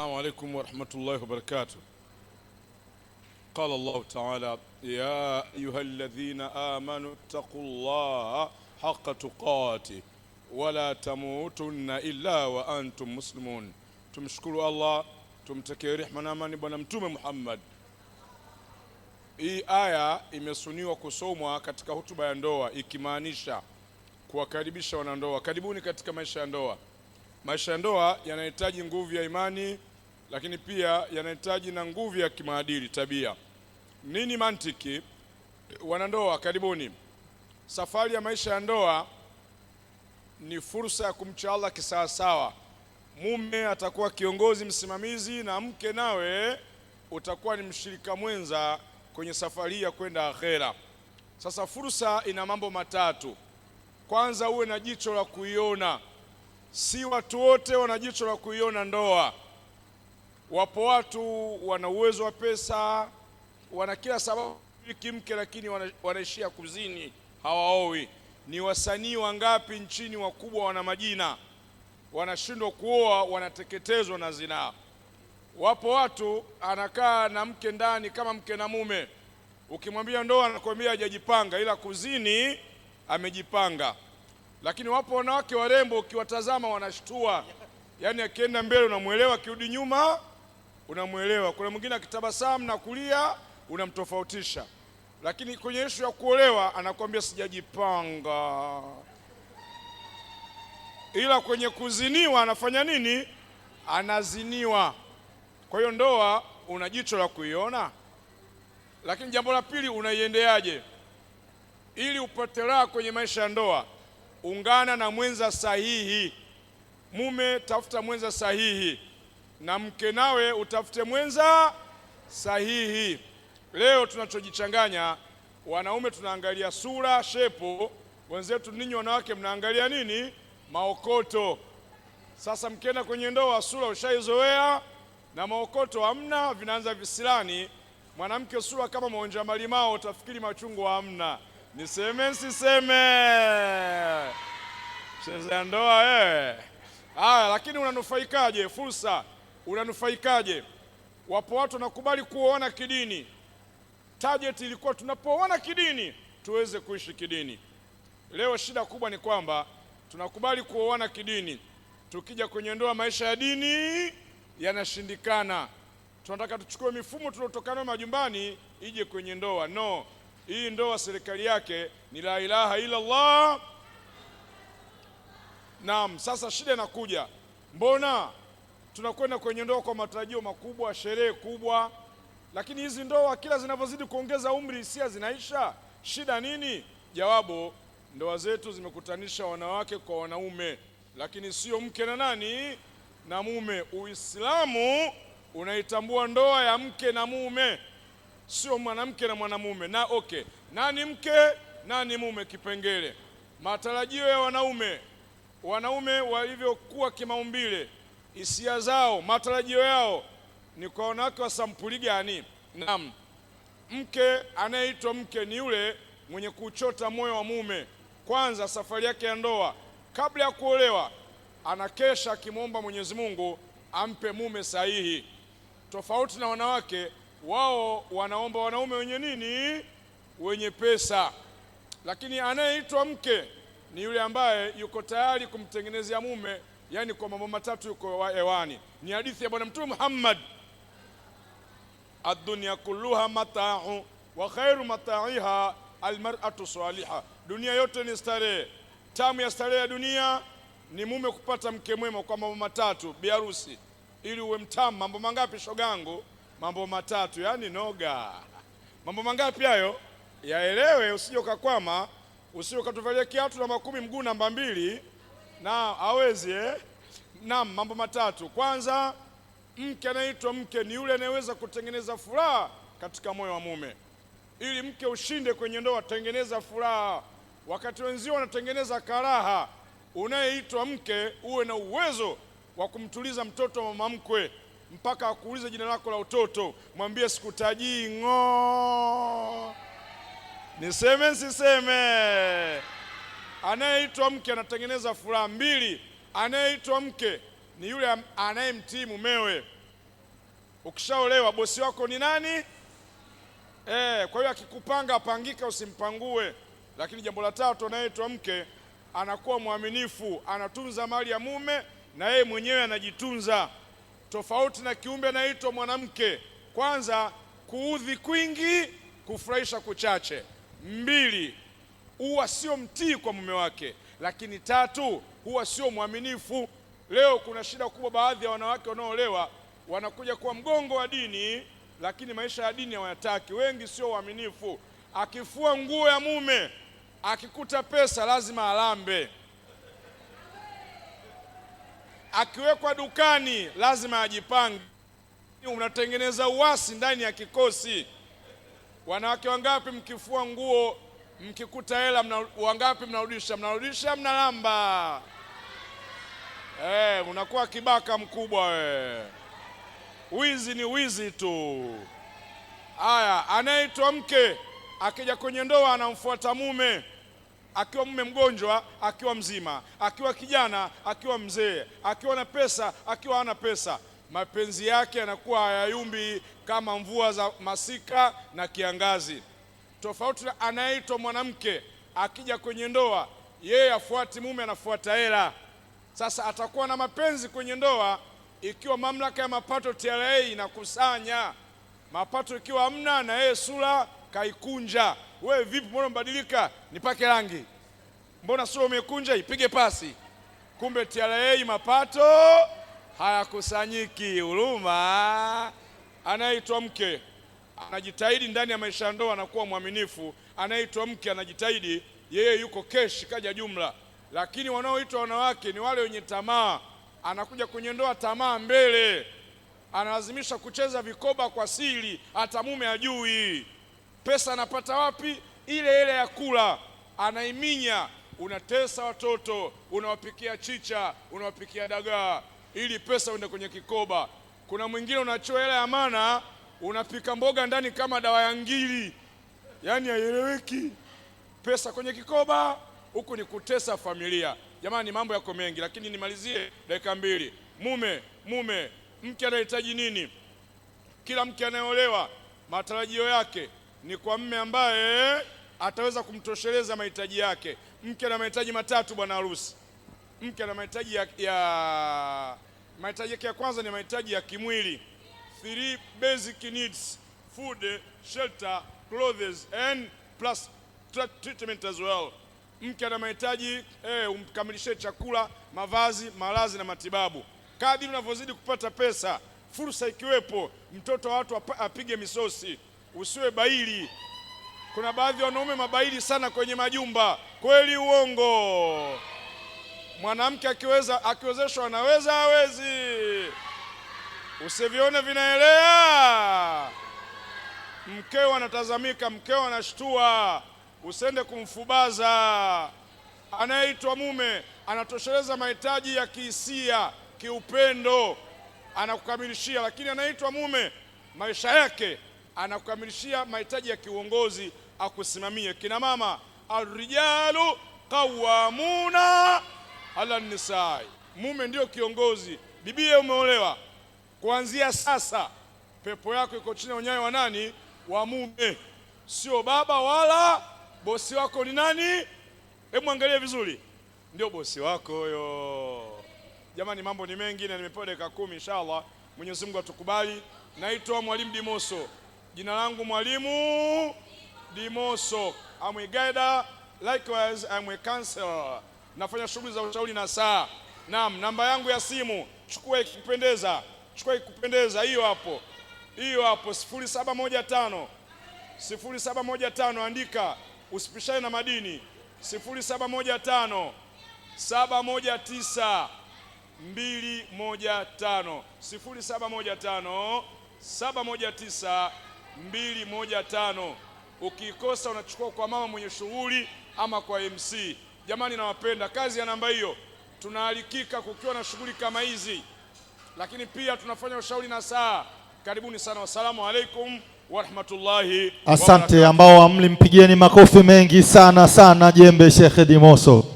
السلام عليكم ورحمة الله وبركاته قال الله تعالى يا أيها الذين آمنوا اتقوا الله حق تقاته ولا تموتن إلا وأنتم مسلمون تمشكر الله تمتكي رحمة نامان amani bwana mtume Muhammad. Hii aya imesuniwa kusomwa katika hutuba ya ndoa, ikimaanisha kuwakaribisha wanandoa, karibuni katika maisha ya ndoa. Maisha ya ndoa yanahitaji nguvu ya imani lakini pia yanahitaji na nguvu ya kimaadili tabia. Nini mantiki? Wanandoa, karibuni. Safari ya maisha ya ndoa ni fursa ya kumcha Allah kisawasawa. Mume atakuwa kiongozi msimamizi, na mke nawe utakuwa ni mshirika mwenza kwenye safari ya kwenda akhera. Sasa fursa ina mambo matatu. Kwanza, uwe na jicho la kuiona. Si watu wote wana jicho la kuiona ndoa. Wapo watu wana uwezo wa pesa, wana kila sababu kumiliki mke, lakini wanaishia kuzini, hawaowi. Ni wasanii wangapi nchini wakubwa, wana majina, wanashindwa kuoa, wanateketezwa na zinaa. Wapo watu anakaa na mke ndani kama mke na mume, ukimwambia ndoa anakwambia hajajipanga, ila kuzini amejipanga. Lakini wapo wanawake warembo, ukiwatazama wanashtua, yaani akienda mbele unamwelewa, akirudi nyuma unamwelewa. Kuna mwingine akitabasamu na kulia unamtofautisha, lakini kwenye ishu ya kuolewa anakwambia sijajipanga, ila kwenye kuziniwa anafanya nini? Anaziniwa. Kwa hiyo ndoa una jicho la kuiona, lakini jambo la pili unaiendeaje? Ili upate raha kwenye maisha ya ndoa, ungana na mwenza sahihi. Mume, tafuta mwenza sahihi na mke nawe utafute mwenza sahihi. Leo tunachojichanganya wanaume tunaangalia sura, shepo, wenzetu ninyi wanawake mnaangalia nini? Maokoto. Sasa mkienda kwenye ndoa, sura ushaizoea na maokoto hamna, vinaanza visilani. Mwanamke sura kama maonja malimao, utafikiri machungwa hamna. Niseme siseme? Cheza ndoa wewe. Eh. Haya, lakini unanufaikaje? Fursa unanufaikaje? Wapo watu wanakubali kuona kidini. Target ilikuwa tunapoona kidini tuweze kuishi kidini. Leo shida kubwa ni kwamba tunakubali kuoana kidini, tukija kwenye ndoa maisha ya dini yanashindikana. Tunataka tuchukue mifumo tuliotokana majumbani ije kwenye ndoa. No, hii ndoa serikali yake ni la ilaha ila Allah. Naam, sasa shida inakuja, mbona tunakwenda kwenye ndoa kwa matarajio makubwa, sherehe kubwa, lakini hizi ndoa kila zinavyozidi kuongeza umri, hisia zinaisha. Shida nini? Jawabu, ndoa zetu zimekutanisha wanawake kwa wanaume, lakini sio mke na nani na mume. Uislamu unaitambua ndoa ya mke na mume, sio mwanamke na mwanamume. Na okay, nani mke nani mume? Kipengele matarajio ya wanaume, wanaume walivyokuwa kimaumbile hisia zao, matarajio yao ni kwa wanawake wa sampuli gani? Naam, mke anayeitwa mke ni yule mwenye kuchota moyo wa mume kwanza safari yake ya ndoa. Kabla ya kuolewa, anakesha akimwomba Mwenyezi Mungu ampe mume sahihi. Tofauti na wanawake, wao wanaomba wanaume wenye nini? Wenye pesa. Lakini anayeitwa mke ni yule ambaye yuko tayari kumtengenezea mume yani kwa mambo matatu yuko hewani. Ni hadithi ya Bwana Mtume Muhammad, ad-dunya kulluha mata'u wa khairu mata'iha almar'atu salihah, dunia yote ni starehe. Tamu ya starehe ya dunia ni mume kupata mke mwema kwa mambo matatu, biharusi. Ili uwe mtamu, mambo mangapi shogangu? Mambo matatu, yani noga. Mambo mangapi hayo? Yaelewe, usije ukakwama, usije ukatuvalia kiatu na makumi mguu namba mbili na hawezi eh? Na mambo matatu. Kwanza, mke anaitwa mke ni yule anayeweza kutengeneza furaha katika moyo wa mume. Ili mke ushinde kwenye ndoa, tengeneza furaha. Wakati wenzio wanatengeneza karaha, unayeitwa mke uwe na uwezo wa kumtuliza mtoto wa mama mkwe mpaka akuulize jina lako la utoto, mwambie sikutajii ng'oo. Niseme siseme? Anayeitwa mke anatengeneza furaha mbili. Anayeitwa mke ni yule anayemtii mumewe. Ukishaolewa bosi wako ni nani? E, kwa hiyo akikupanga apangika, usimpangue. Lakini jambo la tatu, anayeitwa mke anakuwa mwaminifu, anatunza mali ya mume na yeye mwenyewe anajitunza, tofauti na kiumbe anaitwa mwanamke. Kwanza, kuudhi kwingi, kufurahisha kuchache. Mbili, huwa sio mtii kwa mume wake. Lakini tatu, huwa sio mwaminifu. Leo kuna shida kubwa, baadhi ya wanawake wanaolewa wanakuja kwa mgongo wa dini, lakini maisha ya dini hawayataki. Wengi sio waaminifu. Akifua nguo ya mume akikuta pesa lazima alambe, akiwekwa dukani lazima ajipange. Unatengeneza uasi ndani ya kikosi. Wanawake wangapi mkifua nguo Mkikuta hela mna, wangapi mnarudisha? Mnarudisha mnalamba. Eh, unakuwa kibaka mkubwa we. Wizi ni wizi tu. Haya, anayeitwa mke akija kwenye ndoa anamfuata mume, akiwa mume mgonjwa, akiwa mzima, akiwa kijana, akiwa mzee, akiwa na pesa, akiwa hana pesa, mapenzi yake yanakuwa hayayumbi kama mvua za masika na kiangazi tofauti na anayeitwa mwanamke akija kwenye ndoa, yeye afuati mume, anafuata hela. Sasa atakuwa na mapenzi kwenye ndoa ikiwa mamlaka ya mapato TRA inakusanya mapato, ikiwa hamna, na yeye sura kaikunja. Wewe vipi? Mbona mbadilika? Nipake rangi, mbona sura umekunja? Ipige pasi. Kumbe TRA mapato hayakusanyiki. Huruma anayeitwa mke anajitahidi ndani ya maisha ya ndoa, anakuwa mwaminifu. Anayeitwa mke anajitahidi, yeye yuko keshi, kaja jumla. Lakini wanaoitwa wanawake ni wale wenye tamaa, anakuja kwenye ndoa tamaa mbele, analazimisha kucheza vikoba kwa siri, hata mume ajui. Pesa anapata wapi? Ile ile ya kula anaiminya. Unatesa watoto, unawapikia chicha, unawapikia dagaa ili pesa uende kwenye kikoba. Kuna mwingine unachoa hela ya mana unapika mboga ndani kama dawa ya ngili, yaani haieleweki. Pesa kwenye kikoba, huku ni kutesa familia. Jamani, mambo yako mengi, lakini nimalizie dakika mbili. Mume mume mke anahitaji nini? Kila mke anayeolewa matarajio yake ni kwa mme ambaye ataweza kumtosheleza mahitaji yake. Mke ana mahitaji matatu, bwana harusi. Mke ana mahitaji ya, ya mahitaji yake ya kwanza ni mahitaji ya kimwili three basic needs food, shelter, clothes and plus treatment as well. Mke ana mahitaji eh, umkamilishe chakula, mavazi, malazi na matibabu. Kadri unavyozidi kupata pesa, fursa ikiwepo, mtoto wa watu apige misosi, usiwe baili. Kuna baadhi ya wanaume mabaili sana kwenye majumba, kweli uongo? Mwanamke akiweza, akiwezeshwa anaweza, awezi usivione vinaelea. Mkeo anatazamika, mkeo anashtua, usende kumfubaza. Anayeitwa mume anatosheleza mahitaji ya kihisia, kiupendo, anakukamilishia. Lakini anayeitwa mume maisha yake anakukamilishia mahitaji ya kiuongozi, akusimamie. Kina mama, arrijalu qawamuna ala nisai, mume ndio kiongozi. Bibie umeolewa kuanzia sasa pepo yako iko chini ya unyayo wa nani? Wa mume, sio baba wala bosi wako. Ni nani? Hebu angalie vizuri, ndio bosi wako huyo. Jamani, mambo ni mengi na nimepewa dakika kumi. Inshallah, Mwenyezi Mungu atukubali. Naitwa Mwalimu Dimoso, jina langu Mwalimu Dimoso. I'm a guide, likewise I'm a counselor. Nafanya shughuli za ushauri na saa. Naam, namba yangu ya simu chukua ikipendeza chukua ikupendeza, hiyo hapo, hiyo hapo 0715 0715, andika usipishane na madini 0715 719 215 mbili moja tano Ukiikosa unachukua kwa mama mwenye shughuli ama kwa MC. Jamani, nawapenda. Kazi ya namba hiyo tunaalikika kukiwa na shughuli kama hizi lakini pia tunafanya ushauri na saa. Karibuni sana, wasalamu alaikum warahmatullahi. Asante ambao amlimpigieni makofi mengi sana sana, jembe Shekhe Dimoso.